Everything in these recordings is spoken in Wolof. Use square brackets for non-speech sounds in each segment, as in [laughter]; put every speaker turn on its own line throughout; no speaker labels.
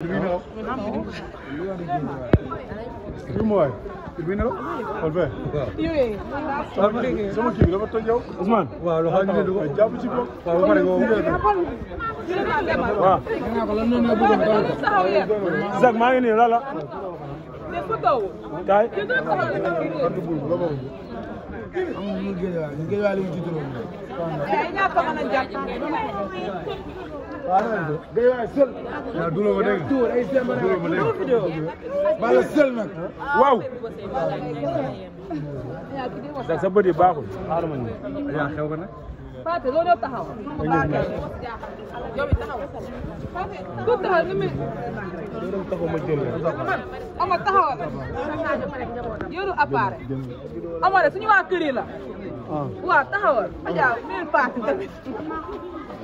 Urbino. kii mooy. Urbino. Olbey. Zak maa ngi nii lala.
Kaay. amul
day waay sël. waaw du la ko dégg du la ko dégg. bala sël nag waaw.
ndax sa bët yi baaxul. xaaral ma ñëw yaa xew ko nag. Fatou loolu yëpp taxaw. yow taxaw ni muy. Amar taxawal. yoru appareil. Amar suñu waa kër yi la. waaw taxawal. Adja mil paas tamit.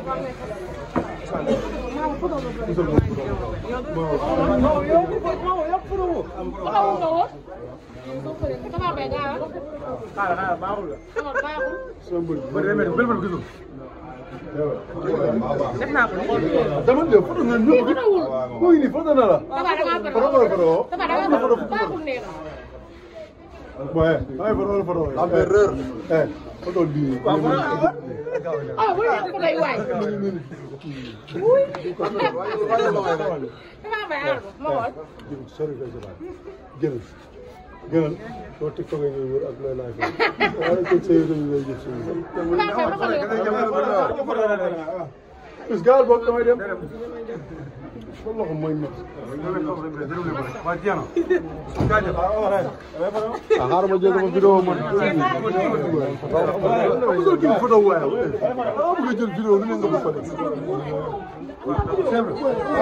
def naa ko. dama ne foto nga ñëw. moo ngi nii foto na la. damaa damaa bëri. foto nga foto. damaa damaa bëri baaxul nee na.
Ouais, ay farol farol. Am erreur. Eh, eh, oto bi. Ah, wala ko lay waay. Uy. Dama bay ar. Mo wol.
Sorry ko jëlaat. Jël. Jël. Soo TikTok ngay wër ak lay laaj. Wala ko sey ngay jëf suñu. Dama ko lay. Biz galiba otlamayı Allah'ım maymun.
Sahar mı dedim bir o mu? Bu da kim fıra var? Abi
gece bir o ne bu falan.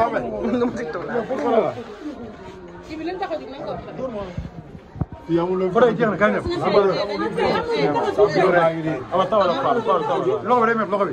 Abi bunu mu diktim lan?
Kimi lan takacak lan? Dur
mu? Fıra iki yana kaynıyor. Ama tavla tavla tavla. Lokabı değil mi? Lokabı.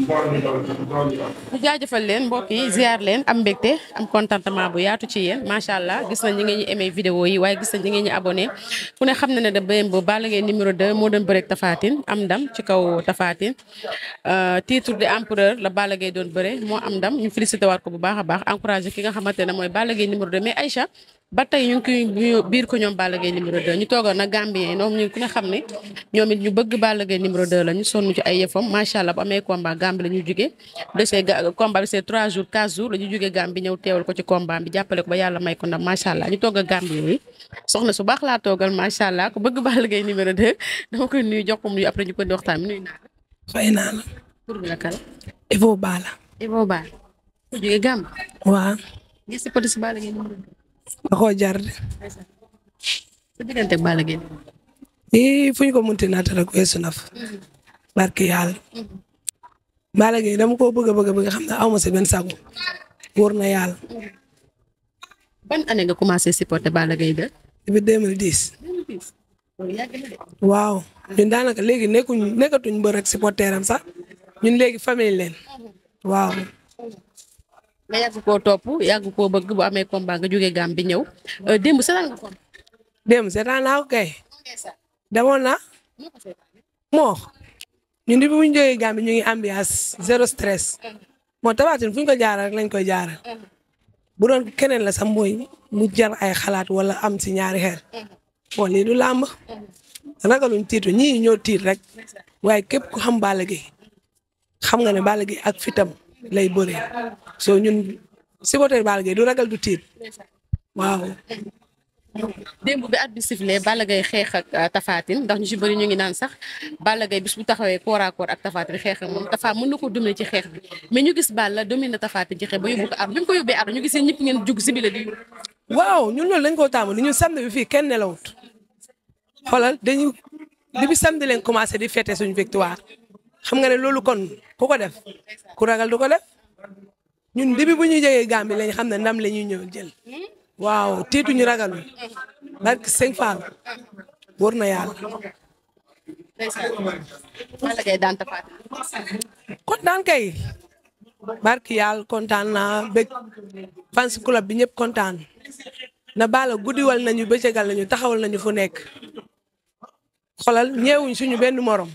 ñu
jaajëfal leen mbokk yi leen am mbégte am contentement bu yaatu ci yéen macha allah gis nañ ñi ngee ñu aimé vidéo yi waaye gis nañ ñi ngeen ñi abonné ku ne xam na ne da béyam bu Balla Gaye numéro de moo doon bëreeg Tafatine am ndam ci kaw Tafatine euh, titre de empereur la Balla Gaye doon bëre moo am ndam ñu félicité waat ko bu baax a baax encouragé ki nga xamante ne mooy Balla Gaye numéro 2 mais Aïcha ba tey ñu ngi koy ñu biir ko ñoom Balla Gaye numéro 2 ñu toogoon nag Gambien yi ñoom ñu ku ne xam ne ñoom it ñu bëgg Balla Gaye numéro 2 la ñu sonn ci ay yëfam macha allah bu amee combat Gambie la ñuy jugee de ces combat de ces 3 jours 4 jours la ñuy jugee Gambie ba yàlla laa toogal macha allah ku bëgg Balla Gaye numéro 2 [laughs] dama koy nuyu jox ko mu nuyu la. fay naa la. Ba la. Ivo Ba. ku jugee Gambie. waaw. gis si police Balla numéro 2.
da koo jar de. sa diggante ak fuñ ko munti naata rek weesu na fa. barke yàlla. Balla Gaye dama koo bëgg a bëgg bëgg xam ne aw ma si benn sago. wóor na yàlla. ban année nga commencé supporter Balla Gaye de. depuis 2010.
2010
waaw ñun daanaka léegi nekkuñ nekkatuñ mbër ak supporteram sax ñun léegi famille leen
waaw. nga yàgg koo topp yàgg koo bëgg bu amee combat nga jógee gàm bi ñëw euh, démb seetaan nga ko. démb seetaan na.
moo ñun di bu ñu jógee gàm bi ñu ngi ambiance zéro stress. moo tabatin fu ñu ko jaaral rek lañ koy jaaral. bu doon keneen la sax mooy mu jar ay xalaat wala am si ñaari xeer. bon lii du làmb. ragaluñ tiitu ñii rek. waaye képp ku xam Balla Gaye xam nga ne Balla Gaye ak fitam lay bëree soo ñun supporter Balla Gaye du ragal du tiit waaw.
démb bi at bi siflee Balla Gaye xeex ak euh, Tapha Tine ndax ñu ci bëri ñu ngi naan sax Balla Gaye bis bu taxawee corps à corps ak Tapha xeex ak moom Tapha mën na koo dominer ci xeex bi mais ñu gis Balla dominer Tapha Tine ci xeex ba yóbbu ko ar bi ñu ko yóbbee ar ñu gis yéen ngeen jug si bi la di. waaw
ñun loolu dañ koo taamu ni ñun samedi bi fii kenn nelawut xoolal dañu depuis samedi leen commencé di fêter suñu victoire. xam nga ne loolu kon ku ko def ku ragal du ko def ñun depuis bu ñuy jógee Gambie lañ xam ne ndam la ñuy ñëw jël waaw tiituñu ragalul barke Sëñ Fall wër na yàlla. kontaan kay barke yàlla kontaan na bég fans club bi ñëpp kontaan na bala guddiwal nañu bëccëgal nañu taxawal nañu fu nekk xolal ñeewuñ suñu benn morom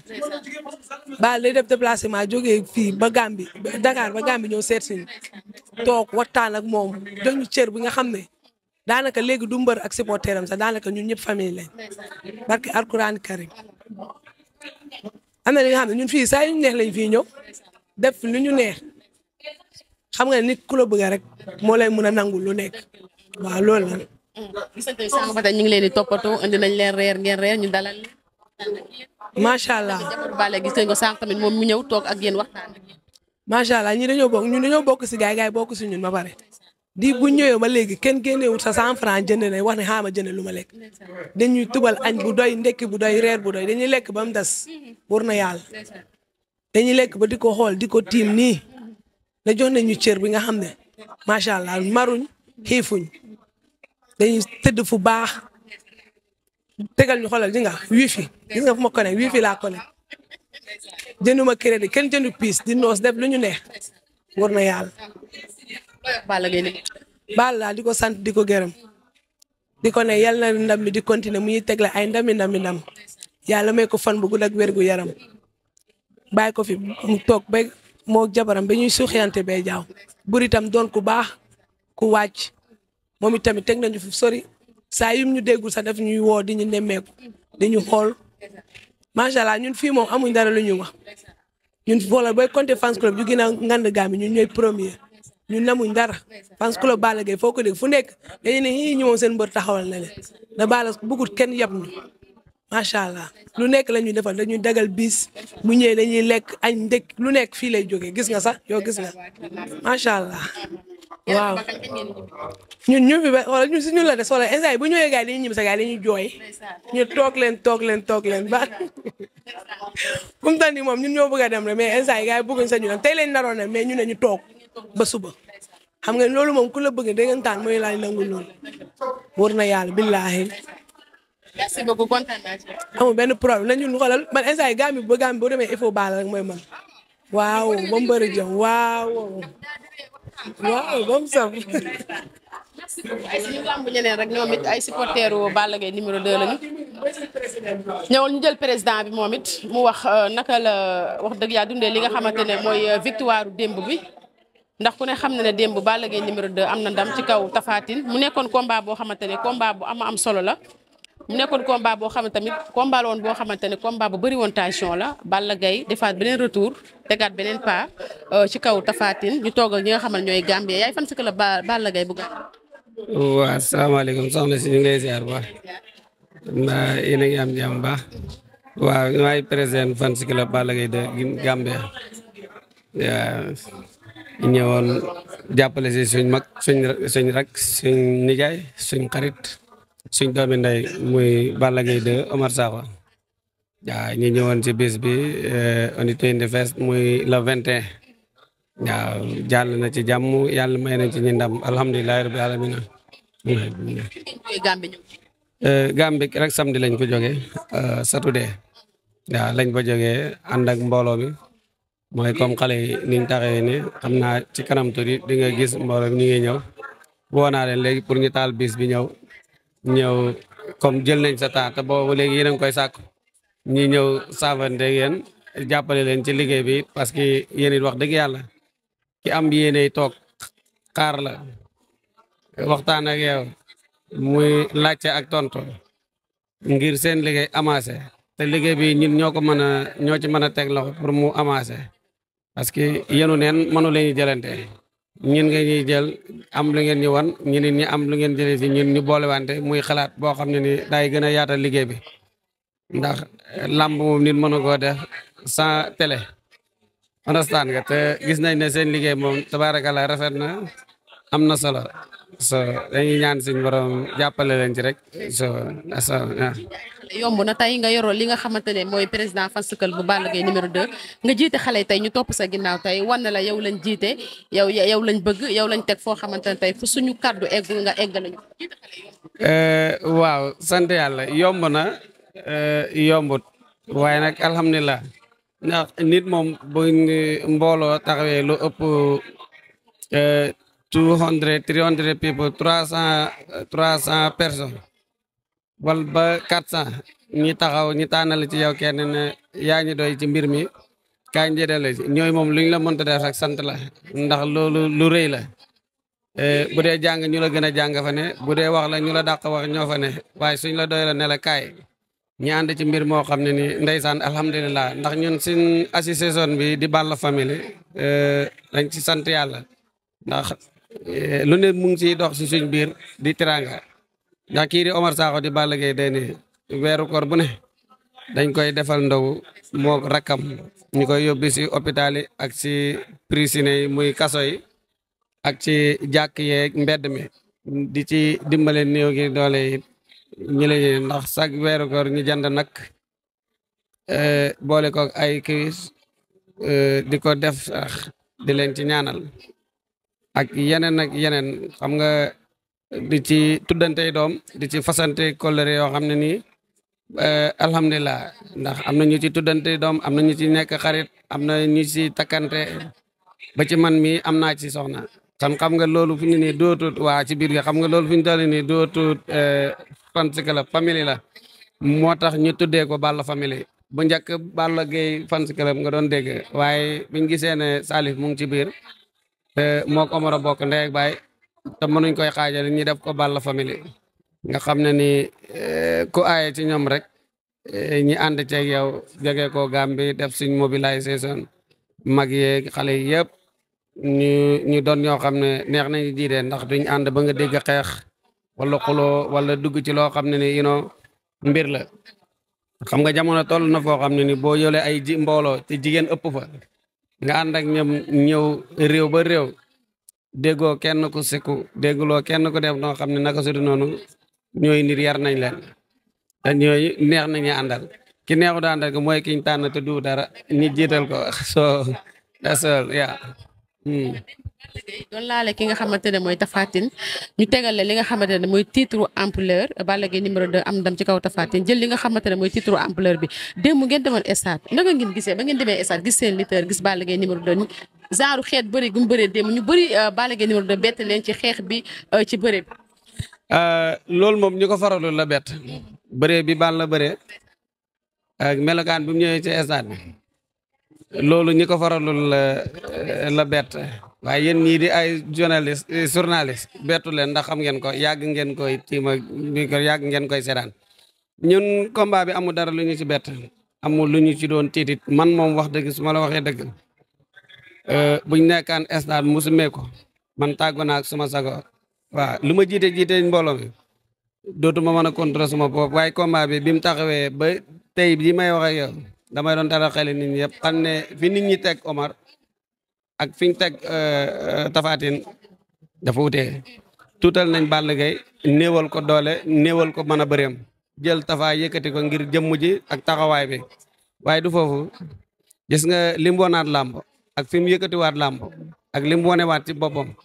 baal lay def déplacement jóge fii ba Gambie Dakar ba Gambie ñëw seet si toog waxtaan ak moom jox ñu cër bi nga xam ne daanaka léegi du mbër ak supporter sax daanaka ñun ñëpp famille lañ barke Alquran Karim am na li xam ne ñun fii saa yu ñu neex lañ fii ñëw def lu ñu neex xam nga nit ku la rek moo lay mën a nangu lu nekk waaw loolu la.
gis nga ñu ngi leen di toppatoo indi nañ leen reer ngeen reer ñu dalal leen macha allah bale gis nañ ko sànq tamit moom mu ñëw toog ak yéen waxtaan macha allah
ñi dañoo bokk ñun dañoo bokk si gaay gaay bokk si ñun ba pare bu ñëwee ba léegi kenn génneewul sa cent franc jënd nañ wax ne xaaral ma jënd lu ma lekk dañuy tubal añ bu doy ndekki bu doy reer bu doy dañuy lekk ba mu des wóor na yàlla dañuy lekk ba di ko xool di ko tiim nii da jox ñu cër bi nga xam ne macha allah maruñ xiifuñ dañuy tëdd fu baax tegal ñu xoolal di nga wifi gis nga fu ma connecté wifi laa connecté jënduma crédit kenn jëndu piis di noos def lu ñu neex war na yàlla. Balla di ko sant di ko gërëm di ko ne yàlla na ndam li di continuer mu ñuy tegle ay ndami ndami ndam yàlla ma ko fan bu gu yaram bàyyi ko fi mu toog ba moo jabaram ba ñuy suuxiyante bay jaaw buri itam doon ku baax ku wàcc moom itamit teg nañu fi sori. saa yum ñu déggu sax daf ñuy woo di ñu nemmeeku di ñu xool macha allah ñun fii moom amuñ dara lu ñuy wax ñun boolal booy compter fans club yu gën a ngand gaam ñun ñooy premier ñun namuñ dara fans club Balla Gaye foo ko dégg fu nekk dañu ne ñii ñu moom seen mbër taxawal na leen da Balla kenn yab ñu macha allah lu nekk la ñuy defal dañuy dagal bis mu ñëwee dañuy lekk añ ndëkk lu nekk fii lay jógee gis nga sax yow gis nga macha allah. waaw ñun ñu fi ba wala ñun la des wala instant bu ñëwee gars yi dañuy ñibbi sa gars yi dañuy jooy ñu toog leen toog leen toog leen ba fu mu toll moom ñun ñoo bëgg a dem rek mais instant yi gars yi bëgguñ sa ñu dem tey lañ naroon nag mais ñu na ñu toog ba suba. xam nga loolu moom ku la bëgg déggantaan mooy laaj nangu loolu wóor na yàlla billaahi.
merci beaucoup kontaan naa ci.
amul benn problème na ñun xoolal man instant yi gars mi ba gars mi boo demee il faut rek mooy man waaw ba mu bëri jëm
waaw ba mu saf. ay suñu làmb ñeneen rek ñoom it ay supporteru Balla Gaye numéro 2 lañu. ñëwal ñu jël président bi moom it mu wax euh, naka la wax dëgg yaa dundee li nga xamante ne mooy euh, victoire démb bi. ndax ku ne xam na ne démb Balla Gaye numéro 2 am na ndam ci kaw Tapha Tine mu nekkoon combat boo xamante ne combat bu ama am solo la. mu nekkoon combat boo xam ne tamit combat la boo xamante ne combat bu bëri woon tension la Balla Gaye defaat beneen retour tegaat beneen pas euh, ci kaw Tapha ñu toog ak ñi nga xam ne ñooy Gambie yaay fan si la ba Balla Gaye bu Gambie.
waaw asalaamaaleykum si ñu ngi lay ziar bu baax yéen a ngi am jàmm baax waaw maay président fan si la Balla Gaye de Gambie ñëwoon jàppale si suñ mag suñ suñ rak suñ nijaay suñ xarit. suñ doomi ndey muy Balla Gaye 2 Omar Sakho waaw ñu ñëwoon ci bis bi euh, on était in fest muy le 21 waaw jàll na ci jàmm yàlla may na ci ñu ndam alhamdulilahi rabbil alamin euh, Gambi rek samedi lañ ko joge euh, saturday waaw lañ ko jógee ànd ak mbooloo mi mooy comme xale yi niñ taxee ni xam naa ci kanam tuuti di gis mbooloo mi ñu ngi ñëw woo naa leen léegi pour ñu taal bis bi ñëw ñëw comme jël nañ sa temps te boobu léegi yéen a ngi koy sàkk ñi ñëw saafante yéen jàppale leen ci liggéey bi parce que yéen it wax dëgg yàlla ki am yéeney toog xaar la waxtaan ak yow muy laajte ak tonto ngir seen liggéey amaase te liggéey bi ñun ñoo ko mën a ñoo ci mën a teg loxo pour mu amaase parce que yenu neen mënu leen jëlante ñun ngeen ñuy jël am lu ngeen ñu wan ñeneen ñi am lu ngeen jëlee si ñun ñu boolewante muy xalaat boo xam ne ni daay gën a yaatal liggéey bi ndax làmb moom nit mën a koo def sans télé understand nga te gis nañ ne seen liggéey moom tabaarakalla rafet na am na solo so dañuy ñaan suñu borom jàppale leen ci rek so
yomb na tey nga yoroo li nga xamante ne mooy président fan club bu Balla Gaye numéro 2 nga jiite xale tey ñu topp sa ginnaaw tey wan na la yow lañ jiite yow yow lañ bëgg yow lañ teg foo xamante ne tey fu suñu kàddu eggul nga egg lañu
eh, waaw sant yàlla yomb na eh, yombut waaye nag alhamdulilah ndax nit moom bu mbooloo taxawee lu ëpp eh, 200 300 people 300 300 personnes wala ba 400 ñi taxaw ñi tànnal ci yow kenn ne yaa ñi doy ci mbir mi kañ jëlee la ñooy moom luñ la mënta def rek sant la ndax loolu lu rëy la eh, bu dee jàng ñu la gën a jàng fa ne bu dee wax la ñu la dàq wax ñoo fa ne waaye suñ la doy la ne la kaay ñi ànd ci mbir moo xam ne nii ndeysaan alhamdulilah ndax ñun suñ association bi di Balla famille eh, lañ ci sant yàlla ndax. Eh, lu ne mu ngi ciy dox si suñ biir di tiranga ndax kii di Omar Sakho di Balla Gaye day weeru koor bu ne dañ koy defal ndaw moo rakkam ñu koy yóbbu si hôpital yi ak si prisine yi muy kaso yi ak ci jàkk yeeg mbedd mi di ci dimbale ni gi doole yi ñu leen ndax chaque weeru koor ñu jënd nag eh, boole ko ay kiis eh, di ko def sax di leen ci ñaanal ak yeneen ak yeneen xam nga di ci tuddantey doom di ci fasante kóllëre yoo xam ne nii eh, alhamdulilah ndax am na ñu ci tuddantey doom am na ñu ci nekk xarit am na ñu ci takkante ba ci man mii am naa ci soxna tan xam nga loolu fu ñu nii dootut waa ci biir gi xam nga loolu fu ñu toll nii dootut eh, fans club famille la moo tax ñu tuddee ko Balla famille bu njëkk Balla Gaye fans nga doon dégg waaye biñ gisee ne Salif mu ngi ci biir moo ko Omar a bokk ndey ak baay te mënuñ koy xaajale ñi def ko Balla famille nga xam ne ni eh, ku aaye ci ñoom rek eh, ñi ànd ceeg yow jóge ko Gàmbi def suñ mobilisation mag yeeg xale yi yëpp ñu ñu doon ñoo xam ne neex nañu jiite ndax duñ ànd ba nga dégg xeex wala xuloo wala dugg ci loo xam ne ni you know mbir la xam nga jamono toll na foo xam ne ni boo yolee ay ji mbooloo te jigéen ëpp fa nga ànd ak ñoom ñëw réew ba réew déggoo kenn ku sikku dégguloo kenn ku def noo xam ne naka su du noonu ñooy nit yar nañ leen te ñooyu neex nañu àndal ki neexu da àndal mooy kiñ tànn te du dara ñi jiital ko [laughs] soo that's all yeah hmm.
doon laale ki nga xamante ne mooy Tafatine ñu tegale li nga xamante ne mooy titre ampleur Balla Gaye numéro 2 am ndam ci kaw Tafatine jël li nga xamante ne mooy titre ampleur bi démb ngeen demoon stade naka ngeen gisee ba ngeen demee stade gis seen lutteur gis Balla Gaye numéro 2 genre xeet bëri gu mu bëree ñu bëri euh, Balla Gaye numéro 2 bett leen ci xeex bi euh, ci bëre bi.
Euh, loolu moom ñu ko faraloon la bett bëree bi Balla la ak melokaan bi mu ñëwee bi loolu ñu ko faraloon la la bett. waaye yéen ñii di ay journaliste eh, journaliste bettu leen ndax xam ngeen ko yàgg ngeen koy tiima yàgg ngeen koy seetaan ñun combat bi amul dara lu ñu ci bett amu lu ñu ci doon tiitit man moom wax dëgg su ma la waxee dëgg eh, buñ nekkaan stade musumee ko man tàggoo naa suma sago waaw lu ma jiite jiite mbooloo mi dootuma mën a contrôler suma bopp waaye combat bi bi mu taxawee ba tey bi may wax ak yow damay doon dara xel nit ñi yëpp xam ne fi nit ñi teg Omar ak fi ñu teg euh, euh, Tapha Tine dafa wutee tuutal nañ Balla Gaye néewal ko doole néewal ko mën a bëreem jël tafaa yëkkati ko ngir jëmm ji ak taxawaay bi waaye du foofu gis nga lim làmb ak fi mu yëkkatiwaat làmb ak lim wonewaat ci boppam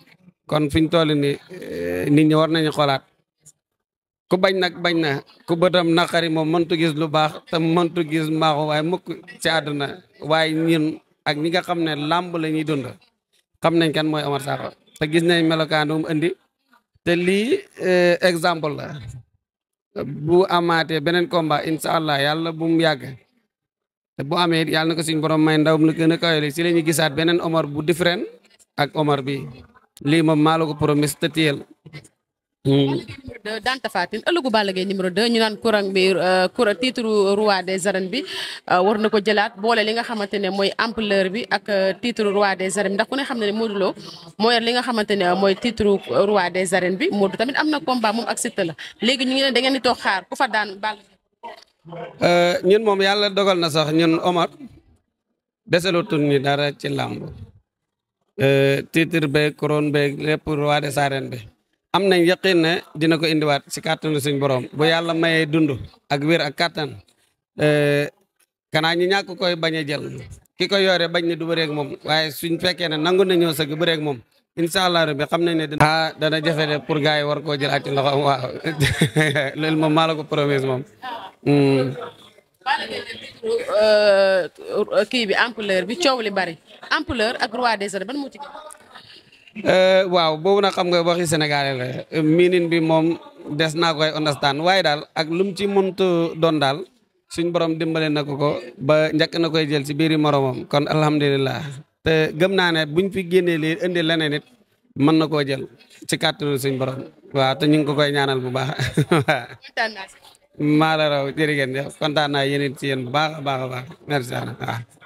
kon fi ñu toll ni euh, nit ñi war nañu xoolaat ku bañ nag bañ na ku bëtam naqari moom mëntu gis lu baax te mëntu gis maaxu waaye mukk ci àdduna waaye ñun ak ñi nga xam ne làmb la ñuy dund xam nañ kan mooy Omar Sakho te gis nañ melokaanu mu indi te lii euh, exemple la bu amaatee beneen combat incha allah yàlla bu mu yàgg te bu amee yàlla na ko suñu borom may ndaw mu la gën a kawe si la ñuy gisaat beneen Omar bu différent ak Omar bi lii moom maa ko promis te téyel
daan Tapha Tine ëllëgu Balla Gaye numéro 2 ñu naan courant bi euh, courant titre roi des arènes bi euh, war na ko jëlaat boole li nga xamante ne mooy ampleur bi ak euh, titre roi des arènes ndax ku ne xam ne ne Modou mooy li nga xamante ne mooy titre roi des arènes bi Modou tamit am na combat moom ak la léegi ñu ngeen ne da ngeen di toog xaar ku fa daan Balla
Gaye ñun moom yàlla dogal na sax ñun Omar desalutun ni dara ci làmb titre beeg couronne beeg lépp roi des arènes bi am nañ yaqin ne dina ko indiwaat si kàttanu suñ boroom bu yàlla mayee dund ak wér ak kàttan eh, kanaa ñu ñàkk koy bañ a jël ki ko yore bañ ne du bëreeg moom waaye suñ fekkee ne nangu na ñëw sëgg bëreeg moom incha allah rabbi xam nañ ne dina ah dana jafe de pour gars yi war koo jëlaat ci loxo waaw [laughs] loolu moom maa la ko promise moom hmm.
eh, kii bi ampleur bi coow li bari ampleur ak roi des arènes ban moo ci
Euh, waaw boobu nag xam nga waxi sénégalais la miinin bi moom des naa koy understand waaye daal ak lu mu ci mëntu doon daal suñ borom dimbale na ko ko ba njëkk na koy jël ci biiri moromam kon alhamdulilah te gëm naa ne buñ fi génnee lii indi leneen it mën na koo jël ci kàttanu suñ borom waaw te ñu ngi ko koy ñaanal bu baax
[laughs]
maa la raw jërëjëf kontaan naa yéen ci yéen bu baax baax a baax merci